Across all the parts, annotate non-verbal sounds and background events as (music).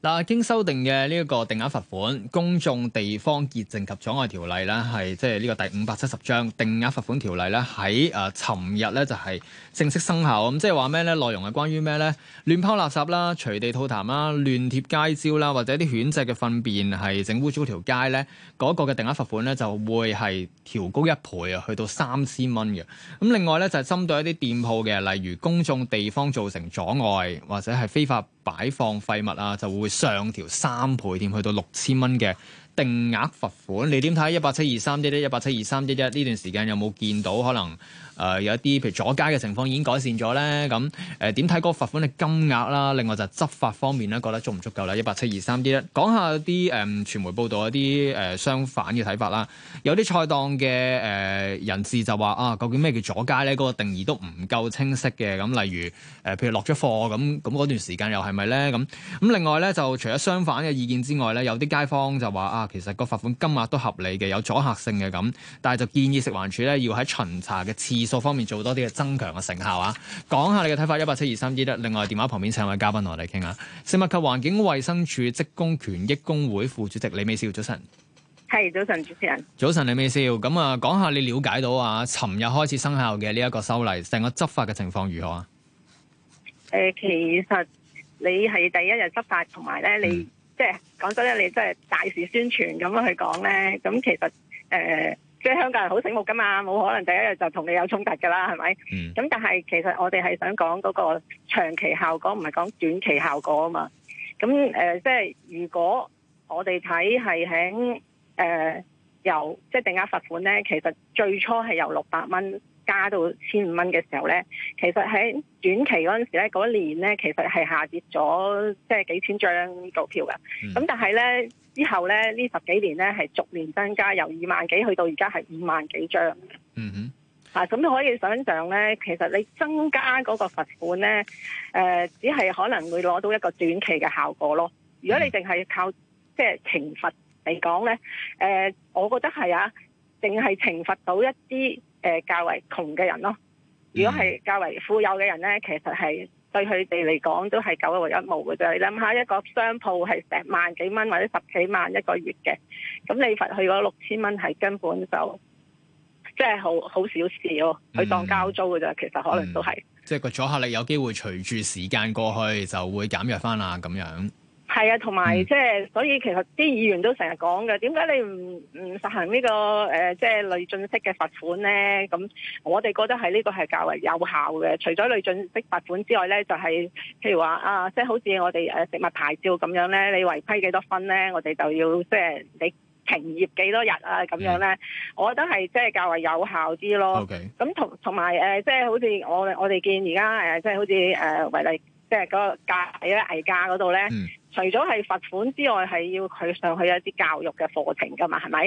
嗱，經修訂嘅呢一個定額罰款公眾地方潔淨及阻礙條例咧，係即係呢個第五百七十章定額罰款條例咧，喺誒尋日咧就係正式生效。咁即係話咩咧？內容係關於咩咧？亂拋垃圾啦、隨地吐痰啦、亂貼街招啦，或者啲犬隻嘅糞便係整污糟條街咧，嗰個嘅定額罰款咧就會係調高一倍啊，去到三千蚊嘅。咁另外咧就係針對一啲店鋪嘅，例如公眾地方造成阻礙或者係非法擺放廢物啊，就會上調三倍添，去到六千蚊嘅。定額罰款，你點睇一八七二三一一，一八七二三一一，呢段時間有冇見到可能、呃、有一啲譬如阻街嘅情況已經改善咗咧？咁誒點睇嗰個罰款嘅金額啦？另外就執法方面咧，覺得足唔足夠啦，一八七二三一一，講下啲誒傳媒報道一啲、呃、相反嘅睇法啦。有啲菜檔嘅人士就話啊，究竟咩叫阻街咧？嗰個定義都唔夠清晰嘅。咁例如、呃、譬如落咗貨咁咁嗰段時間又係咪咧？咁咁另外咧就除咗相反嘅意見之外咧，有啲街坊就話啊。其實個罰款金額都合理嘅，有阻吓性嘅，咁，但係就建議食環署咧要喺巡查嘅次數方面做多啲嘅增強嘅成效啊！講下你嘅睇法，一八七二三一。另外電話旁邊請位嘉賓同我哋傾下。食物及環境衛生署職工權益工會副主席李美笑，早晨。係早晨，主持人，早晨李美笑。咁啊，講下你了解到啊，尋日開始生效嘅呢一個修例，成個執法嘅情況如何啊？誒、呃，其實你係第一日執法，同埋咧你、嗯。即係講真咧，你真係大肆宣傳咁樣去講咧，咁其實誒、呃，即係香港人好醒目噶嘛，冇可能第一日就同你有衝突噶啦，係咪？咁、mm. 但係其實我哋係想講嗰個長期效果，唔係講短期效果啊嘛。咁、呃、即係如果我哋睇係喺誒由即係定額罰款咧，其實最初係由六百蚊。加到千五蚊嘅時候呢，其實喺短期嗰陣時咧，嗰年、mm -hmm. 呢，其實係下跌咗，即係幾千張告票噶。咁但係呢，之後呢，呢十幾年呢，係逐年增加，由二萬幾去到而家係五萬幾張。嗯、mm、哼 -hmm. 啊，啊咁你可以想象呢，其實你增加嗰個罰款呢，誒、呃、只係可能會攞到一個短期嘅效果咯。如果你淨係靠、mm -hmm. 即係懲罰嚟講呢，誒、呃、我覺得係啊，淨係懲罰到一啲。誒，較為窮嘅人咯，如果係較為富有嘅人咧，其實係對佢哋嚟講都係九牛一毛嘅啫。你諗下一個商鋪係成萬幾蚊或者十幾萬一個月嘅，咁你罰佢嗰六千蚊係根本就即係好好小事去當交租嘅啫。其實可能都係、嗯嗯、即係個阻嚇力，有機會隨住時間過去就會減弱翻啦，咁樣。係啊，同埋即係所以其實啲議員都成日講嘅，點解你唔唔實行呢、這個誒，即、呃、係、就是、累進式嘅罰款咧？咁我哋覺得係呢個係較為有效嘅。除咗累進式罰款之外咧，就係、是、譬如話啊，即、就、係、是、好似我哋食物牌照咁樣咧，你違規幾多分咧，我哋就要即係、就是、你停業幾多日啊咁樣咧，我覺得係即係較為有效啲咯。咁、okay. 同同埋誒，即係好似我我哋見而家即係好似誒為即係嗰個價咧，危價嗰度咧，除咗係罰款之外，係要佢上去一啲教育嘅課程㗎嘛，係咪？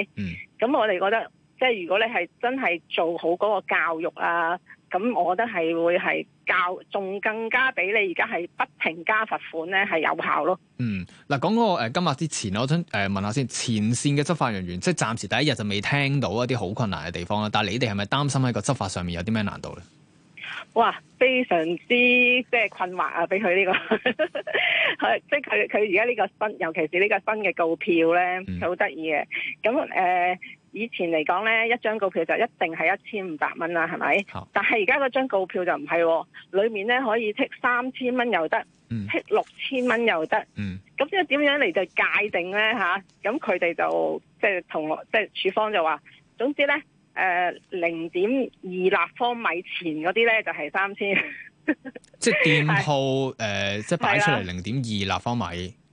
咁、嗯、我哋覺得，即係如果你係真係做好嗰個教育啊，咁我覺得係會係教仲更加比你而家係不停加罰款咧係有效咯。嗯，嗱，講嗰個今日之前，我想誒、呃、問下先，前線嘅執法人員，即係暫時第一日就未聽到一啲好困難嘅地方啦。但係你哋係咪擔心喺個執法上面有啲咩難度咧？哇，非常之即係困惑啊！俾佢呢個，即係佢佢而家呢個新，尤其是呢個新嘅告票咧，好得意嘅。咁誒、呃，以前嚟講咧，一張告票就一定係一千五百蚊啦，係咪？但係而家嗰張告票就唔係、啊，裏面咧可以剔三千蚊又得，剔六千蚊又得。咁即係點樣嚟就界定咧吓？咁佢哋就即係、就是、同即係、就是、署方就話，總之咧。誒、呃，零點二立方米前嗰啲咧就係三千，即係店鋪誒，即係擺出嚟，零點二立方米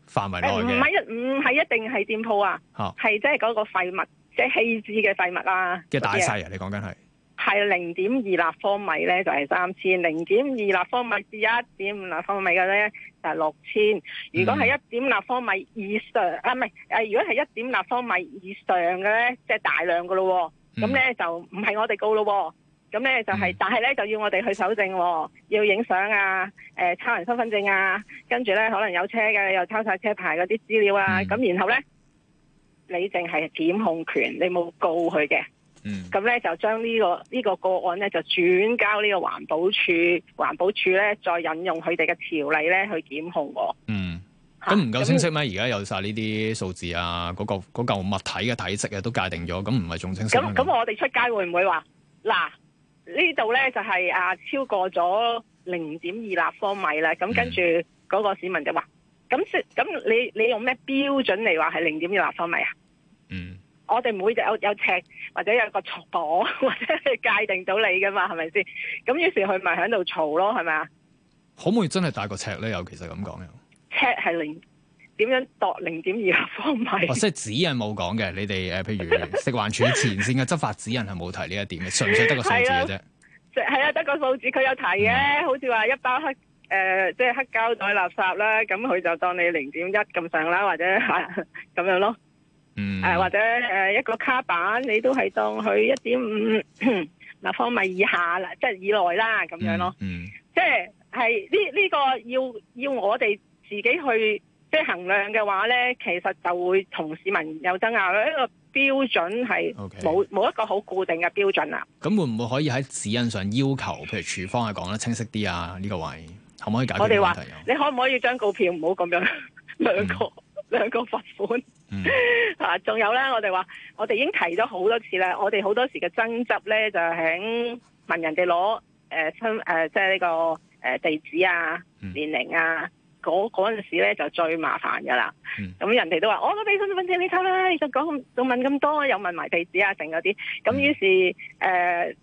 範圍內唔係一唔係一定係店鋪啊，係即係嗰個廢物，即係棄置嘅廢物啦。嘅大細啊，小的是你講緊係係零點二立方米咧就係三千，零點二立方米至一點五立方米嘅咧就係六千。如果係一點立方米以上、嗯、啊，唔係誒，如果係一點立方米以上嘅咧，即、就、係、是、大量噶咯。咁、嗯、咧就唔係我哋告咯，咁咧就係、是嗯，但係咧就要我哋去搜證，要影相啊，誒、呃、抄人身份證啊，跟住咧可能有車嘅又抄晒車牌嗰啲資料啊，咁、嗯、然後咧你淨係檢控權，你冇告佢嘅。咁、嗯、咧就將呢、這個呢、這個個案咧就轉交個環環呢個環保署環保署咧再引用佢哋嘅條例咧去檢控喎。嗯咁唔夠清晰咩？而家有晒呢啲數字啊，嗰嚿物體嘅體積啊，都界定咗，咁唔係仲清晰咩？咁咁我哋出街會唔會話嗱，呢度咧就係啊，超過咗零點二立方米啦？咁跟住嗰個市民就話咁咁你你用咩標準嚟話係零點二立方米啊？嗯，我哋唔會有有尺或者有個尺或者去界定到你噶嘛，係咪先？咁於是佢咪喺度嘈咯，係咪啊？可唔可以真係帶個尺咧？又其實咁講尺係零，點樣度零點二立方米？哦，即係指引冇講嘅，你哋誒、呃，譬如食環署前線嘅執法指引係冇提呢一點嘅，純 (laughs) 粹得個數字嘅啫。即係啊，得個數字，佢有提嘅、嗯，好似話一包黑誒、呃，即係黑膠袋垃圾啦，咁佢就當你零點一咁上啦，或者咁、啊、樣咯。嗯。誒、呃，或者誒、呃，一個卡板你都係當佢一點五立方米以下啦，即係以內啦，咁樣咯。嗯。嗯即係係呢呢個要要我哋。自己去即係衡量嘅話咧，其實就會同市民有爭拗，嘅一個標準係冇冇一個好固定嘅標準啊，咁會唔會可以喺指引上要求，譬如署方係講得清晰啲啊？呢、這個位置可唔可以解決問題？我哋話你可唔可以將告票唔好咁樣，兩個兩、嗯、個罰款啊？仲、嗯、 (laughs) 有咧，我哋話我哋已經提咗好多次啦。我哋好多時嘅爭執咧，就係喺問人哋攞誒，身、呃、誒，即係呢個誒地址啊、年齡啊。嗯嗰嗰陣時咧就最麻煩噶啦，咁、嗯、人哋都話我都俾身份證你抽啦，你就講仲問咁多？又問埋地址啊，剩嗰啲，咁於是誒、嗯呃、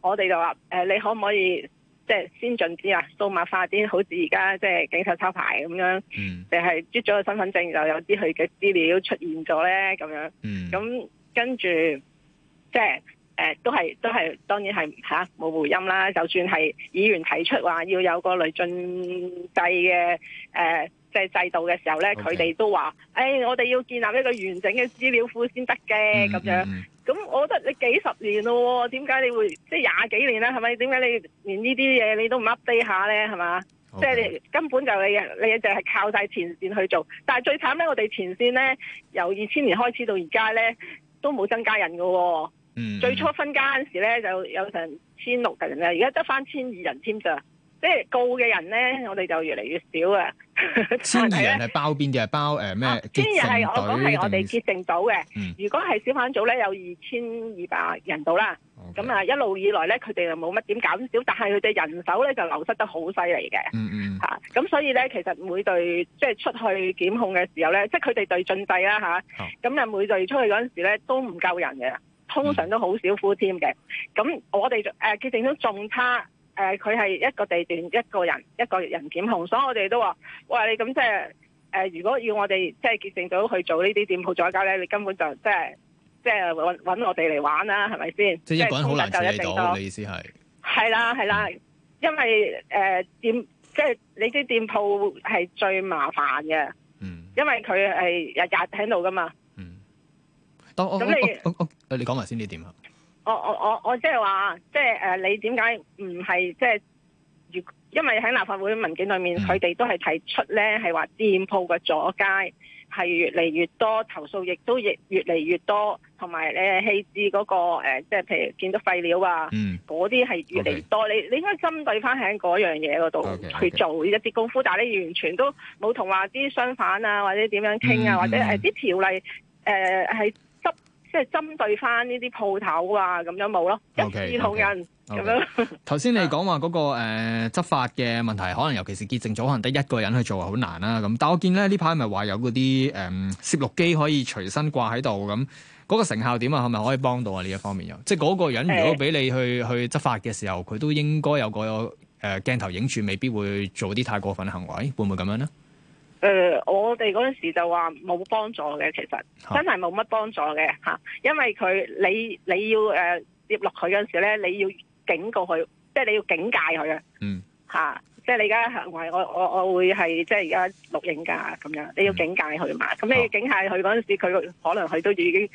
我哋就話、呃、你可唔可以即係先進啲啊，數碼化啲，好似而家即係警察抄牌咁樣，定係攺咗個身份證就有啲佢嘅資料出現咗咧咁樣，咁、嗯、跟住即係。誒都係都係，當然係吓冇回音啦。就算係議員提出話要有個累進制嘅誒，即、呃、係制度嘅時候咧，佢、okay. 哋都話，誒、哎、我哋要建立一個完整嘅資料庫先得嘅咁樣。咁我覺得你幾十年咯，點解你會即係廿幾年啦？係咪？點解你連呢啲嘢你都唔 update 下咧？係嘛？即、okay. 係你根本就你你淨係靠晒前線去做。但係最慘咧，我哋前線咧由二千年開始到而家咧，都冇增加人噶、哦。嗯、最初分家嗰陣時咧，就有成千六人啦，現在 1, 人而家得翻千二人添咋，即係告嘅人咧，我哋就越嚟越少 (laughs) 啊。千二人係包邊定係包誒咩？千二係我講係我哋結定到嘅。如果係小販組咧，有二千二百人到啦。咁啊一路以來咧，佢哋就冇乜點減少，但係佢哋人手咧就流失得好犀利嘅。吓、嗯、咁、嗯啊、所以咧，其實每隊即係出去檢控嘅時候咧，即係佢哋隊進制啦吓。咁啊，那每隊出去嗰陣時咧，都唔夠人嘅。嗯、通常都好少呼添嘅，咁我哋誒、呃、結凈到仲差，誒佢係一個地段一個人一個人檢控，所以我哋都話：喂，你咁即係誒，如果要我哋即係結凈到去做呢啲店鋪再搞咧，你根本就即係即係揾我哋嚟玩啦，係咪先？即係一個人好難處理到，你意思係。係啦，係啦，因為誒店即係你啲店鋪係最麻煩嘅，嗯，因為佢係、呃嗯、日日喺度噶嘛，嗯。咁、哦、你？哦哦哦你講埋先啲點啊？我我我我即係話，即、就、係、係、你點解唔係即係？因為喺立法會文件裏面，佢、嗯、哋都係提出咧，係話店舖嘅阻街係越嚟越多，投訴亦都亦越嚟越，越多，同埋誒棄置嗰、嗰個即係、呃、譬如見到廢料啊，嗰啲係越嚟越多。Okay, 你你應該針對翻喺嗰樣嘢嗰度去做 okay, okay, 一啲功夫，但係你完全都冇同話啲商販啊，或者點樣傾啊、嗯嗯，或者啲、呃、條例誒係。呃即係針對翻呢啲鋪頭啊，咁樣冇咯，一好人咁樣。頭、okay. 先你講話嗰個、呃、執法嘅問題， (laughs) 可能尤其是潔淨組，可能得一個人去做好難啦、啊。咁，但我見咧呢排咪話有嗰啲、呃、攝錄機可以隨身掛喺度，咁嗰、嗰個成效點啊，係咪可以幫到啊？呢一方面又，即係嗰個人如果俾你去、欸、去執法嘅時候，佢都應該有個有、呃、鏡頭影住，未必會做啲太過分嘅行為，會唔會咁樣咧？誒、呃，我哋嗰陣時就話冇幫助嘅，其實真係冇乜幫助嘅吓，因為佢你你要誒、呃、接落去嗰陣時咧，你要警告佢，即係你要警戒佢、嗯、啊，吓，即係你而家行為，我我我會係即係而家錄影噶咁樣，你要警戒佢嘛，咁、嗯、你要警戒佢嗰陣時，佢、嗯、可能佢都已經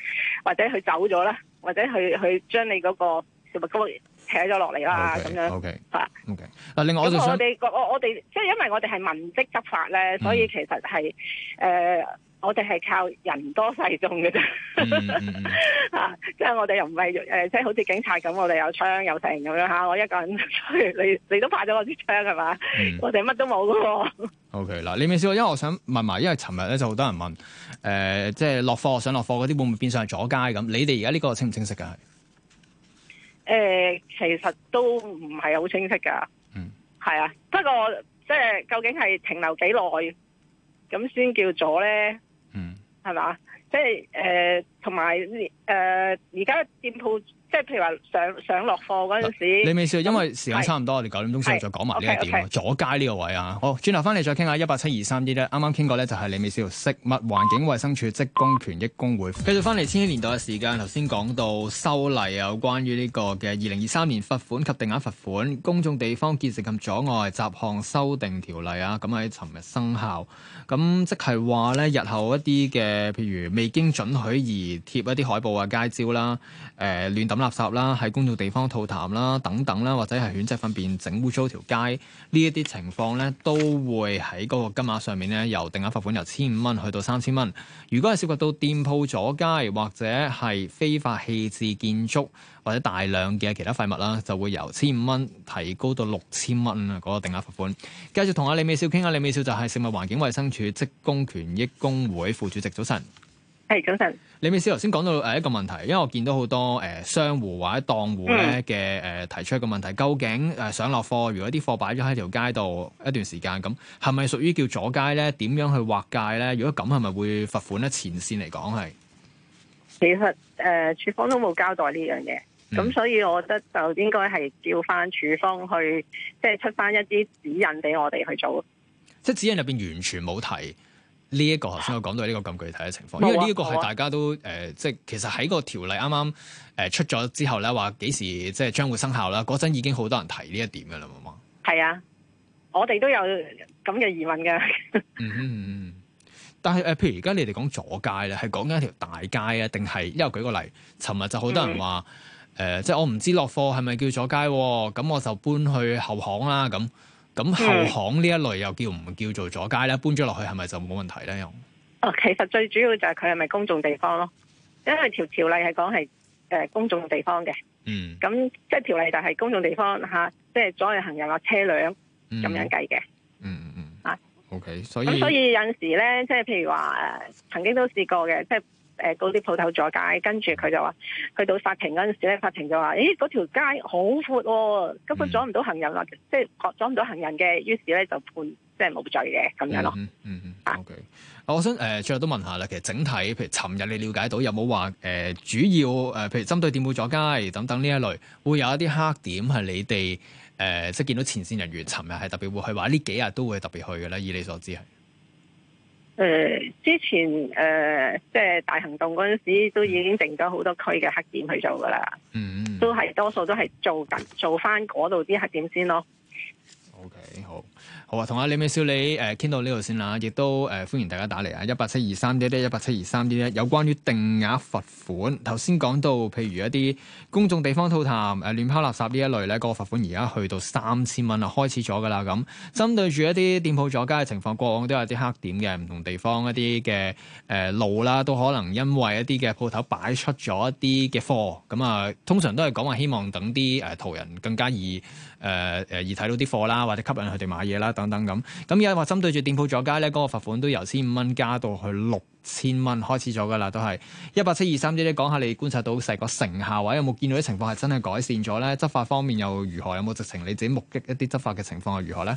或者佢走咗啦，或者佢佢將你嗰、那個。就咪高扯咗落嚟啦，咁、okay, 樣，OK，嗱 okay.，另外我就想，我我我哋即係因為我哋係文職執法咧、嗯，所以其實係誒、呃，我哋係靠人多勢眾嘅啫。即、嗯、係、 (laughs) 嗯就是、我哋又唔係誒，即、呃、係好似警察咁，我哋有槍有剩咁樣嚇，我一個人， (laughs) 你你都派咗我支槍係嘛、嗯？我哋乜都冇嘅 OK 你未李美笑，因為我想問埋，因為尋日咧就好多人問誒，即係落課上落課嗰啲會唔會變相係阻街咁？你哋而家呢個清唔清晰㗎？誒、呃，其實都唔係好清晰㗎，嗯，係啊，不過即係究竟係停留幾耐，咁先叫咗咧，嗯，係咪啊，即係誒，同埋誒，而家、呃、店鋪。即係譬如話上上落課嗰陣時，李美笑，因為時間差唔多，嗯、我哋九點鐘先、嗯、再講埋呢個點，阻街呢個位啊。好，轉頭翻嚟再傾下一八七二三啲咧。啱啱傾過咧，就係李美笑，食物環境衞生署職工權益工會。繼續翻嚟千禧年代嘅時間，頭先講到修例啊，關於呢個嘅二零二三年罰款及定額罰款公眾地方建設及阻礙雜項修訂條例啊。咁喺尋日生效，咁即係話咧，日後一啲嘅譬如未經准許而貼一啲海報啊、街招啦，誒亂抌。垃圾啦，喺公眾地方吐痰啦，等等啦，或者係犬隻糞便整污糟條街呢一啲情況呢，都會喺嗰個金額上面呢，由定額罰款由千五蚊去到三千蚊。如果係涉及到店鋪阻街或者係非法棄置建築或者大量嘅其他廢物啦，就會由千五蚊提高到六千蚊啊，嗰個定額罰款。繼續同阿李美笑傾啊，李美笑就係食物環境衛生署職工權益工會副主席。早晨。係，早晨，李美笑頭先講到誒一個問題，因為我見到好多誒商戶或者檔戶咧嘅誒提出一個問題，嗯、究竟誒上落貨，如果啲貨擺咗喺條街度一段時間咁，係咪屬於叫阻街咧？點樣去劃界咧？如果咁係咪會罰款咧？前線嚟講係，其實誒、呃、署方都冇交代呢樣嘢，咁、嗯、所以我覺得就應該係叫翻署方去即係、就是、出翻一啲指引俾我哋去做，即係指引入邊完全冇提。呢、這、一個頭先我講到呢個咁具體嘅情況、啊，因為呢個係大家都誒，即係、啊啊呃、其實喺個條例啱啱誒出咗之後咧，話幾時即係將會生效啦？嗰陣已經好多人提呢一點嘅啦，嘛係啊，我哋都有咁嘅疑問嘅、 (laughs) 嗯。嗯嗯嗯，但係誒、呃，譬如而家你哋講阻街咧，係講緊一條大街啊，定係因為舉個例，尋日就好多人話誒、嗯呃，即係我唔知落貨係咪叫阻街，咁我就搬去後巷啦咁。咁後巷呢一類又叫唔叫做阻街咧？搬咗落去係咪就冇問題咧？又哦，其實最主要就係佢係咪公眾地方咯？因為條條例係講係誒公眾地方嘅。嗯。咁即係條例就係公眾地方嚇、啊，即係阻塞行人啊、車輛咁樣計嘅。嗯嗯嗯，嗯。啊。O K。所以咁所以有時咧，即係譬如話誒，曾經都試過嘅，即係。誒嗰啲鋪頭阻街，跟住佢就話去到法庭嗰陣時咧，法庭就話：咦，嗰條街好闊喎、啊，根、嗯、本阻唔到行人啦，即、就、係、是、阻唔到行人嘅。於是咧就判即係冇罪嘅咁樣咯。嗯嗯，嗯。啊，我、okay. 我想誒、呃、最後都問下啦，其實整體，譬如尋日你了解到有冇話誒主要誒，譬如針對店鋪阻街等等呢一類，會有一啲黑點係你哋誒、呃，即係見到前線人員尋日係特別會去，話呢幾日都會特別去嘅咧。以你所知係。誒、嗯，之前誒、呃，即係大行動嗰陣時候，都已經定咗好多區嘅黑點去做噶啦，嗯，都係多數都係做緊，做翻嗰度啲黑點先咯。O、okay, K，好，好啊，同阿李美少你誒傾到呢度先啦，亦都誒、呃、歡迎大家打嚟啊，一八七二三一一，一八七二三一一，有關於定額罰款，頭先講到譬如一啲公眾地方吐痰、誒亂拋垃圾呢一類咧，那個罰款而家去到三千蚊啊，開始咗㗎喇咁。針對住一啲店鋪阻街嘅情況，過往都有啲黑點嘅唔同地方一啲嘅誒路啦，都可能因為一啲嘅鋪頭擺出咗一啲嘅貨，咁啊、呃，通常都係講話希望等啲誒途人更加易誒誒、呃、易睇到啲貨啦。就吸引佢哋買嘢啦，等等咁咁，而家話針對住店鋪阻街咧，嗰、嗰個罰款都由千五蚊加到去六千蚊開始咗㗎喇，都係一八七二三。姐姐講下你觀察到成個成效，或者有冇見到啲情況係真係改善咗咧？執法方面又如何？有冇直情你自己目擊一啲執法嘅情況又如何咧？